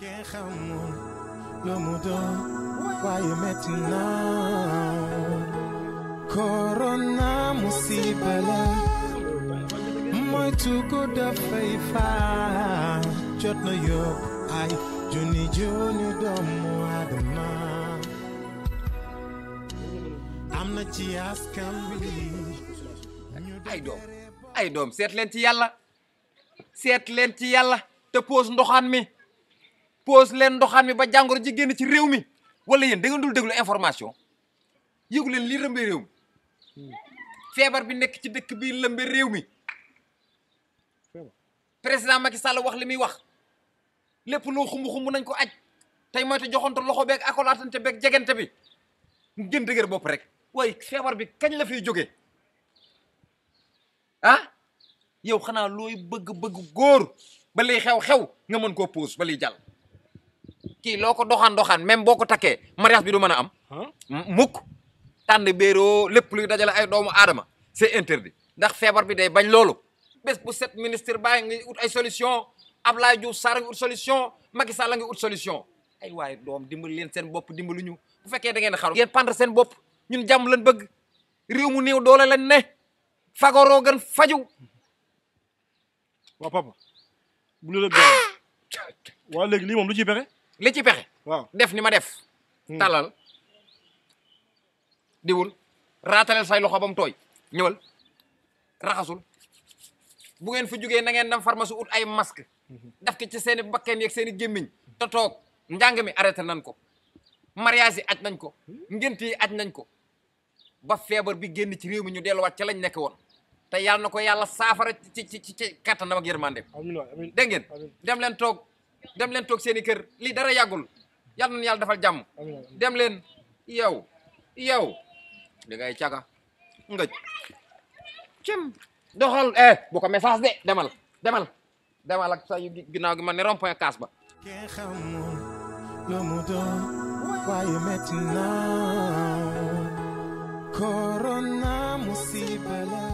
kenn xamul lu mu doon waaye metti na korona musiba la moytu ko dafay faa jot na yóbbu ay junni junni doomu aadama am na ci askan bi ay doom ay doom seet leen ci yàlla seet leen ci yàlla te pose ndoxaan mi pose leen ndoxaan mi ba jàngoro ji génn ci réew mi wala yéen da dul déglu information yëgu leen lii lëmbe réew mi feebar bi nekk ci dëkk bii lëmbe réew mi président Macky Sall wax li muy wax lépp loo xumb-xumb nañ ko aj tey moytu joxonto loxo beeg akolaatante beeg jegante bi ngeen dëgër bopp rek waaye feebar bi kañ la fiy joge ah yow xanaa looy bëgg-bëgg góor ba liy xew-xew nga mën koo puus ba liy jàll loko loko dohan membo doxaan même boo ko mariage bi du mën am. mukk tànn béeroo lepp luy dajala ay doomu adama c'est interdit ndax feebar bi day bañ lolu bes bu set ministre bàyyi ngi ut ay solution Ablaye diou sar ngi ut solution Macky Sall ngi ut solution ay way doom dimbali len sen bop dimbalu ñu bu fekkee da ngeen xaru ngeen pandre sen bop ñun jàmm lañ bëgg réew mu neew doole lañ ne fagoro gën faju wa papa bu la ah! wa léegi li mom lu ci li ci pexe. waaw def ni ma def. Hmm. talal diwul raatalel say loxo ba mu tooy ñëwal raxasul bu ngeen fi jugee na ngeen dem pharmacie ut ay masque hmm. def ko ci seen i bakkeen yeeg seen i gémmiñ te toog njàng mi arrêté nañ ko mariage yi nañ ko hmm. ngént yi nañ ko ba feebar bi génn ci réew mi ñu delluwaat ca lañ nekk woon te yàlla na ko yàlla saafara ci ci ci kattanam ak yërmande. dem leen toog. dem len tok seni keur li dara yagul yalla na yàlla defal jàmm dem len yow yow da ngay ngej cem cim doxal eh bu ko message de demal demal demal ak sa yu ginnaaw gi man ne rond point kaas ba kenn xamul lu mu doon waaye metti corona musibala